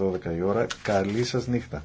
12 η ώρα. Καλή σας νύχτα.